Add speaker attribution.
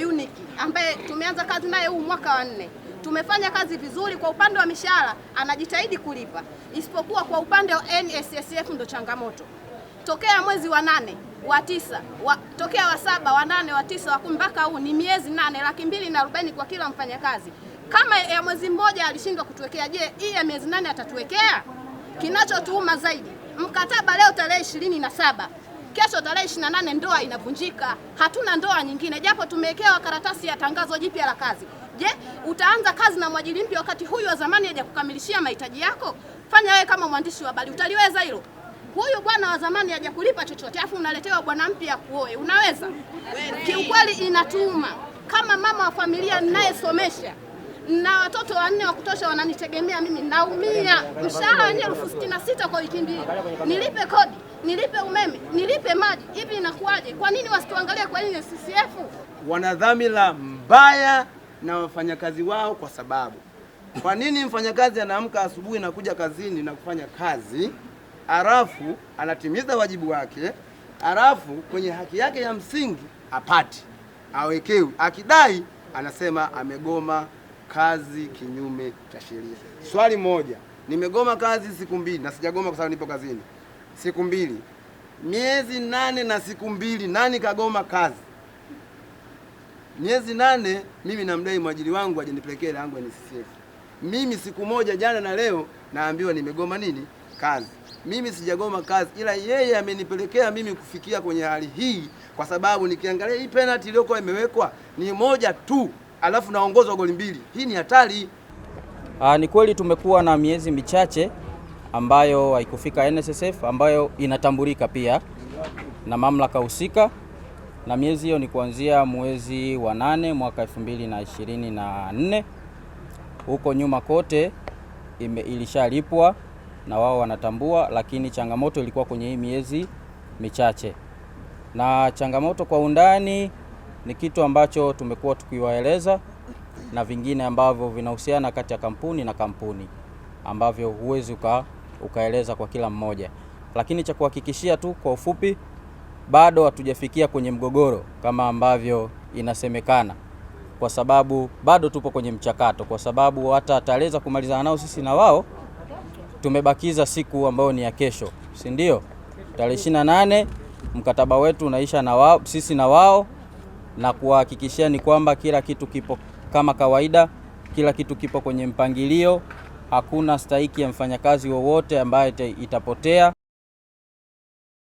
Speaker 1: na Uniki ambaye tumeanza kazi naye huu mwaka wa nne. Tumefanya kazi vizuri kwa upande wa mishahara, anajitahidi kulipa, isipokuwa kwa upande wa NSSF ndo changamoto. Tokea mwezi wa nane wa tisa wa, tokea wa saba wa nane wa tisa wa kumi mpaka huu ni miezi nane, laki mbili na arobaini kwa kila mfanyakazi. Kama ya mwezi mmoja alishindwa kutuwekea, je, hii ya miezi nane atatuwekea? Kinachotuuma zaidi mkataba leo tarehe ishirini na saba Kesho tarehe 28 ndoa inavunjika, hatuna ndoa nyingine, japo tumewekewa karatasi ya tangazo jipya la kazi. Je, utaanza kazi na mwajiri mpya wakati huyu wa zamani hajakukamilishia mahitaji yako? Fanya wewe kama mwandishi wa habari, utaliweza hilo? Huyu bwana wa zamani hajakulipa chochote, afu unaletewa bwana mpya kuoe, unaweza? Kiukweli inatuuma kama mama wa familia ninayesomesha na watoto wanne wa kutosha wananitegemea mimi, naumia. Mshahara wenyewe elfu sitini na sita kwa wiki mbili, nilipe kodi, nilipe umeme, nilipe maji, hivi inakuwaje? Kwa nini wasituangalie? Kwa nini CCF
Speaker 2: wana dhamira mbaya na wafanyakazi wao? Kwa sababu kwa nini mfanyakazi anaamka asubuhi na kuja kazini na kufanya kazi, halafu anatimiza wajibu wake, halafu kwenye haki yake ya msingi apati awekewi, akidai anasema amegoma kazi kinyume cha sheria. Swali moja, nimegoma kazi siku mbili na sijagoma kwa sababu nipo kazini siku mbili, miezi nane na siku mbili, nani kagoma kazi? Miezi nane mimi namdai mwajiri wangu ajanipelekea langu NSSF. Mimi siku moja jana na leo naambiwa nimegoma nini kazi. Mimi sijagoma kazi, ila yeye amenipelekea mimi kufikia kwenye hali hii, kwa sababu nikiangalia hii penalty iliyokuwa imewekwa ni moja tu alafu naongozwa goli mbili. Hii ni hatari.
Speaker 3: Aa, ah, ni kweli tumekuwa na miezi michache ambayo haikufika NSSF ambayo inatambulika pia na mamlaka husika, na miezi hiyo ni kuanzia mwezi wa nane mwaka 2024. Huko nyuma kote ilishalipwa na wao wanatambua, lakini changamoto ilikuwa kwenye hii miezi michache, na changamoto kwa undani ni kitu ambacho tumekuwa tukiwaeleza na vingine ambavyo vinahusiana kati ya kampuni na kampuni ambavyo huwezi uka, ukaeleza kwa kila mmoja, lakini cha kuhakikishia tu kwa ufupi, bado hatujafikia kwenye mgogoro kama ambavyo inasemekana, kwa sababu bado tupo kwenye mchakato, kwa sababu hata tarehe za kumalizana nao sisi na wao tumebakiza siku ambayo ni ya kesho, si ndio? Tarehe 28 mkataba wetu unaisha na wao, sisi na wao na ni kwamba kila kitu kipo kama kawaida, kila kitu kipo kwenye mpangilio, hakuna stahiki ya mfanyakazi wowote ambaye itapotea.